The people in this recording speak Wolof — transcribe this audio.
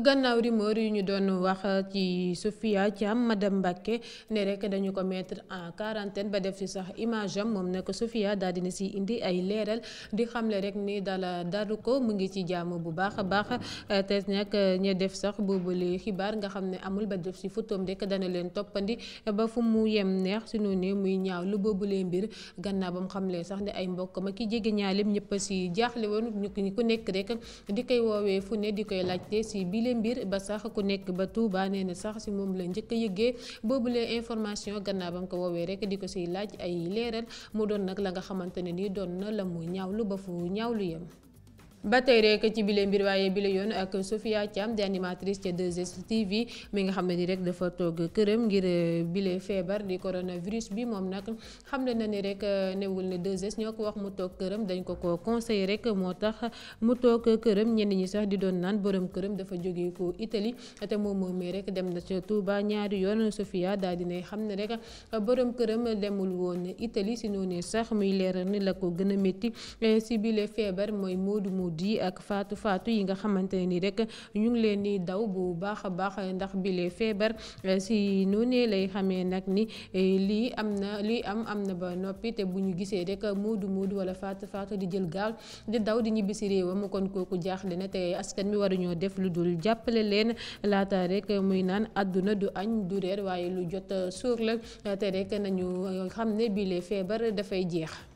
gannaaw rumeur yu ñu doon wax ci Sophia ma madame Mbacké ne rek dañu ko mettre en quarantaine ba def ci sax image moom moom ko Sophia daal na si indi ay leeral di xamle rek ni dala daru ko mu ngi ci jàmm bu baax a baax te nag ña def sax boobu boobule xibaar nga xam ne amul ba def si photoom rek dana leen toppandi ba fu mu yem neex si noonu muy ñaaw lu boobulee mbir gannaaw ba mu xamle sax ne ay mbokk ma ki jege ñaaleem ñëpp si jaaxle woon ñu ku nekk rek di koy mbir ba sax a ku nekk ba Touba nee na sax si moom la njëkk a yëggee boobule information gannaaw ba mu ko woowee rek di ko siy laaj ay leeral mu doon nag la nga xamante ne ni doon na la mu lu ba fu lu yem. ba tey rek ci bile mbir waaye bile yoon ak Sophia Thiam di animatrice ca 2STV mi nga xam ne ni rek dafa toog këram ngir eh, bile feebar di coronavirus bi moom nag xam ne na ni rek eh, newul ne 2 ñoo ko wax mu toog këram dañ ko ko conseillé rek moo tax mu toog këram ñenn ñi sax di doon naan borom këram dafa jóge ko Italie te moom moomee rek dem na ca Touba ñaari yoon sofia daal dinay xam ne rek borom këram demul woon Italie si noonu sax muy leeral ni la ko gën a métti eh, si bile feebar mooy moodu moodu guddi ak faatu faatu yi nga xamante ne ni rek ñu ngi leen di daw bu baax a baax ndax bile feebar eh, si noonee lay xamee nag ni eh, lii am na lii am am na ba noppi te bu ñu gisee rek moodu moodu wala faatu faatu di jël gaal di daw di ñibbi si réewam kon kooku jaaxle na te askan mi waruñoo def lu dul jàppale leen laata rek muy naan àdduna du añ du reer waaye lu jot suur la te rek nañu xam ne bile feebar dafay jeex.